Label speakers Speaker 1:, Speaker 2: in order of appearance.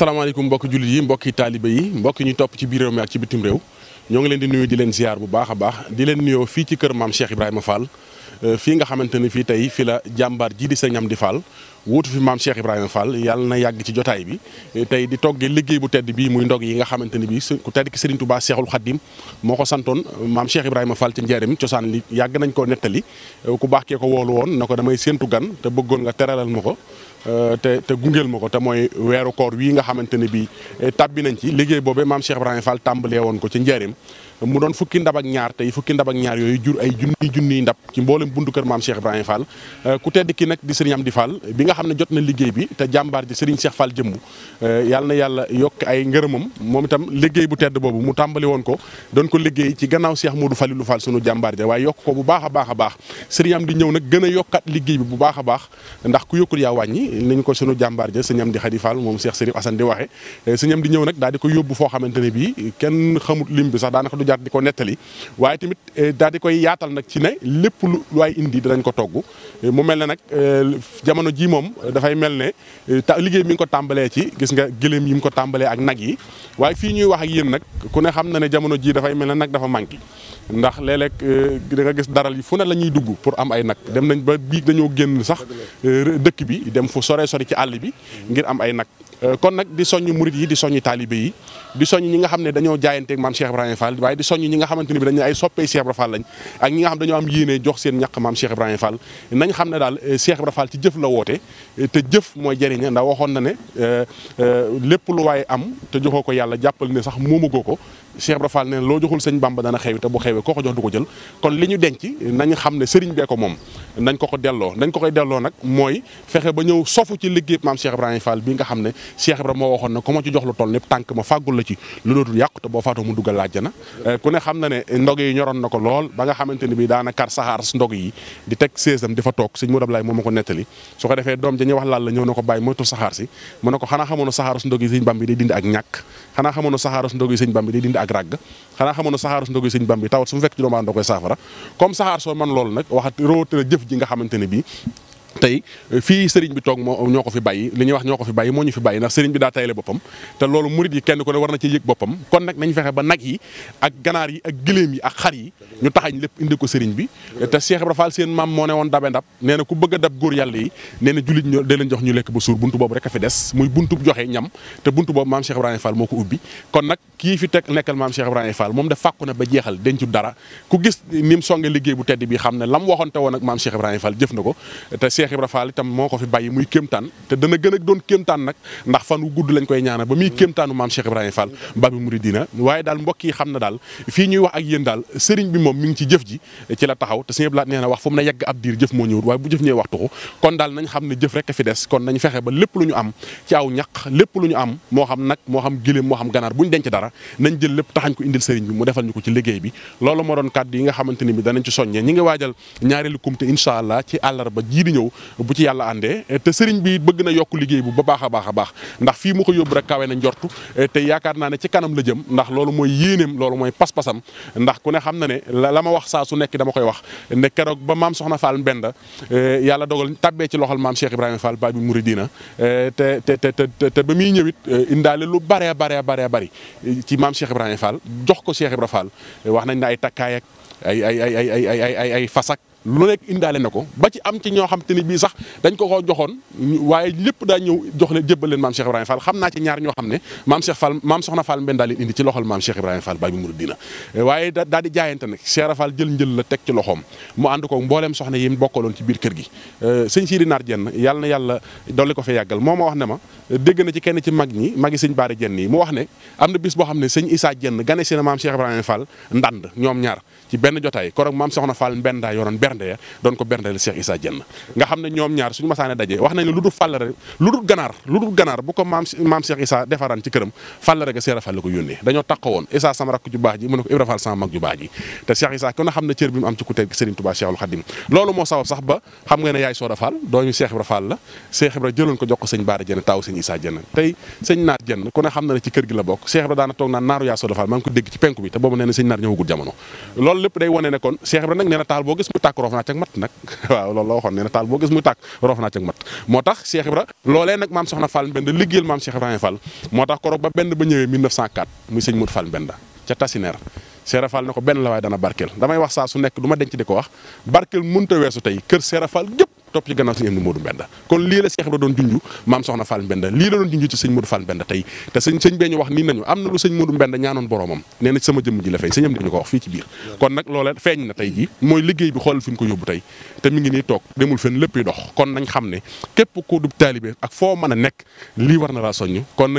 Speaker 1: asalaamaaleykum mbokki jullit yi mbokki taalibe yi mbokki ñu topp ci biir réew mi ak ci bitim réew ñoo ngi leen di nuyu di leen ziar bu baax a baax di leen nuyoo fii ci kër maam Cheikh Ibrahima Fall euh, fii nga xamante ni fii tey fi la jàmbaar ji di Sëriñ Amdi Fall wuutu fi maam Cheikh Ibrahima Fall yàlla na yàgg ci jotaay bi euh, tey di toggee liggéey bu tedd bii muy ndog yi nga xamante ni bii ku tedd ki Serigne Touba Cheikhul Khadim moo ko santoon maam Cheikh Ibrahima Fall ci njaarim cosaan li yàgg nañ koo nettali euh, ku baax kee ko woolu woon na ko damay séentu gan te bëggoon nga teralal ma ko Euh, te te gungeel ma ko te mooy weeru koor wii nga xamante ne bii eh, tàbbi nañ ci liggéey boobee maam Cheikh Ibrahima Fall tàmbalee woon ko ci njëriñ mu doon fukki ndab ak ñaar tey fukki ndab ak ñaar yooyu jur ay junni junniy ndab ci mboolem buntu kër maam Cheikh Ibrahima Fall euh, ku tedd ki nag di sëriñ Amdi Fall bi nga xam ne jot na liggéey bi te jàmbaar ji sëriñ Cheikh Fall jëmm euh, yàlla na yàlla yokk ay ngërëmam moom itam liggéey bu tedd boobu mu tàmbali woon ko doon ko liggéey ci gannaaw Cheikh Modou Falilou Fall sunu jàmbaar ja waaye yokk ko bu baax a baax a baax sëriñ Amdi ñëw nag gën a yokkaat liggéey a jar di ko nettali waaye tamit eh, daal di koy yaatal nag ci ne lépp lu waay indi danañ ko togg eh, mu mel ne nag eh, jamono ji moom dafay mel ne liggéey mi ngi ko tàmbalee ci gis nga gëléem yi mu ko tàmbalee ak nag yi waaye fii ñuy wax ak yéen nag ku ne xam na ne jamono ji dafay mel ne nag dafa manqué ndax léeg-léeg da gis daral yi fu ne la ñuy dugg pour am ay nag dem nañ ba biig dañoo génn sax dëkk bi dem fu sore sori ci àll bi ngir am ay nag Euh, kon nag di soññ murit yi di soññ taalibe yi di soññ ñi nga xam ne dañoo jaayanteeg maam Cheikh Ibrahima Fall waaye di soññ ñi nga xamante ni bi dañu ay soppee Cheikh Ibrahima Fall lañ ak ñi nga xam dañoo am yéene jox seen ñàq maam Cheikh Ibrahima nañ xam ne daal euh, Cheikh Ibrahima Fall jëf la woote euh, te jëf mooy jëriña ndax waxoon na ne lépp lu waaye am te joxoo ko yàlla jàppal ne sax moomagoo ko Cheikh Ibrahima Fall ne loo joxul sëñ Bamba dana xewi te bu xewee koo ko jox ko jël kon li ñu denc nañ xam ne sëriñ bee ko moom nañ ko ko delloo nañ ko koy delloo nag mooy fexe ba ñëw sofu ci liggéey maam Cheikh bi nga xam ne Cheikh Ibra moo waxoon ne ku ma ci jox lu toll lépp tànk ma fàggul la ci lu dootul yàqu boo faatoo mu duggal àjjana euh, ku ne xam na ne ndog yi ñoroon na ko lool ba nga xamante ni bi daana kar saxaar ndog yi di teg seesam di fa toog sëñ Modou Ablaye moo ma ko su doom dañuy wax laal la ñëw na ko bàyyi moytul saxaar si mu ne ko xanaa xamoon saxaaru ndog yi sëñ Bamba day dindi ak ñàkk xanaa xamoon saxaaru ndog yi sëñ Bamba day dindi ak ràgg tawat su mu fekk ci doomu aadama da saafara comme saxaar soo man loolu nag waxat rawatina jëf ji nga xamante ne bi tey fii sëriñ bi toog moo ñoo ko fi bàyyi li ñuy wax ñoo ko fi bàyyi moo ñu fi bàyyi ndax sëriñ bi daa tayle boppam te loolu murit yi kenn ku ne war na ci yëg boppam kon nag nañ fexe ba nag ak giléem yi ak xar yi ñu taxañ lépp indi ko sëriñ bi te Cheikh Ibra Fall maam moo ne woon dabe ndab nee na ku bëgg a dab yàlla yi nee na jullit jox ñu lekk ba suur buntu boobu rek a fi des muy buntu joxe ñam te buntu boobu ko ubbi kon nag kii fi teg nekkal maam Cheikh Ibrahima Fall moom da fàkku na ba jeexal dencu dara ku gis ni songe liggéey bu tedd bi xam ne lam waxoonte woon ak maam Cheikh Ibrahima Fall jëf na ko Cheikh Ibra Fall itam moo ko fi bàyyi muy kéemtaan te dana gën a doon kéemtaan nag ndax fan wu gudd lañ koy ñaanal ba muy kéemtaanu maam Cheikh Ibrahima Fall Babi Mouridina waaye daal mbokk xam na daal fii ñuy wax ak yéen daal sëriñ bi moom mi ngi ci jëf ji ci la taxaw te Sëriñ nee na wax fu mu ne yegg ab diir jëf moo ñëwut waaye bu jëf ñëwee waxtu ko kon daal nañ xam ne jëf rek a fi des kon nañ fexe ba lépp lu ñu am ci aw ñaq lépp lu ñu am moo bu ci yàlla àndee te sëriñ bi bëgg na yokk liggéey bu ba baax a baax a baax ndax fii mu ko yóbbu rek kawe na njortu te yaakaar naa ne ci kanam la jëm ndax loolu mooy yéeneem loolu mooy pas-pasam ndax ku ne xam na ne la ma wax saa su nekk dama koy wax ne keroog ba maam soxna Fall Mbenda eh, yàlla dogal tabbee ci loxol maam Cheikh Ibrahima Fall Baay bi Mouridina eh, te te te te ba muy ñëwit eh, indaale lu bare bare bare bari ci maam Cheikh Ibrahima Fall jox ko Cheikh Ibrahima wax nañ ay takkaay ak ay ay ay ay ay ay fasak lu nekk indaale na ko ba ci am ci ñoo xam te ni bii sax dañ ko koo joxoon waaye lépp daa ñëw jox leen jébbal leen maam Cheikh Ibrahima Fall xam naa ci ñaar ñoo xam ne maam Cheikh Fall maam Soxna Fall Mbenda leen indi ci loxol maam Cheikh Ibrahima Fall Baay Mouridina waaye daal di jaayante nag Cheikh Fall jël njël la teg ci loxoom mu ànd ko mbooleem soxna yi mu bokkaloon ci biir kër gi euh, sëñ Siri Naar Jenn yàlla na yàlla dolli ko fa yàggal moo ma wax ne ma dégg na ci kenn ci mag ñi magi sëñ Baara Jenn yi mu wax ne am na bis boo xam ne sëñ Isaa Jenn gane si na maam Cheikh Ibrahima Fall ñoom ñaar ci benn jotaay korog maam soxna Fall mbenn daa yoroon bernde ya doon ko berndeel Cheikh Issa Diène nga xam ne ñoom ñaar suñu masaane daje wax nañ ne lu dul fàll rek lu dul ganaar lu dul ganaar bu ko la ko yónnee dañoo tey sëñ Naar Diène ku ne xam na ne ci kër gi la bokk Cheikh Ibra daana toog naan naaru yaa Soda Fall maa ko dégg ci penku bi te boobu nee na sëñ Naar ñëwagul jamono lépp day wane ne kon Cheikh Ibrahima nag nee taal boo gis mu tàkk roof naa mat nag waaw loolu la waxoon nee na taal boo gis mu tàkk roof naa cak mat moo tax Cheikh Ibra loolee nag maam soxna Fall Mbenda liggéeyal maam Cheikh Ibrahima Fall moo tax koroog ba benn ba ñëwee 1904 muy sëñ Modou Fall Mbenda ca Tasineer Seera Fall ne benn la waaye dana barkeel damay wax saa su nekk du ma denc di ko wax barkeel mënut a weesu tey kër Seera Fall gépp topp ci gannaaw sëñ Amdi Moodu Mbenda kon lii la Seex Ibra doon junj maam soxna Fall Mbenda lii la doon junj ci sëñ Moodu Fall Mbenda tey te sëñ bee ñu wax nii nañu am na lu sëñ Moodu Mbenda ñaanoon boromam nee na ci sama jëmm ji la fay sëñ Amdi ñu ko wax fii ci biir kon nag loola feeñ na tey ji mooy liggéey bi xoolal fi ko yóbbu tey te mi ngi nii toog demul fenn lépp dox kon nañ xam ne képp ku dub taalibe ak foo mën a nekk lii war na laa soññ kon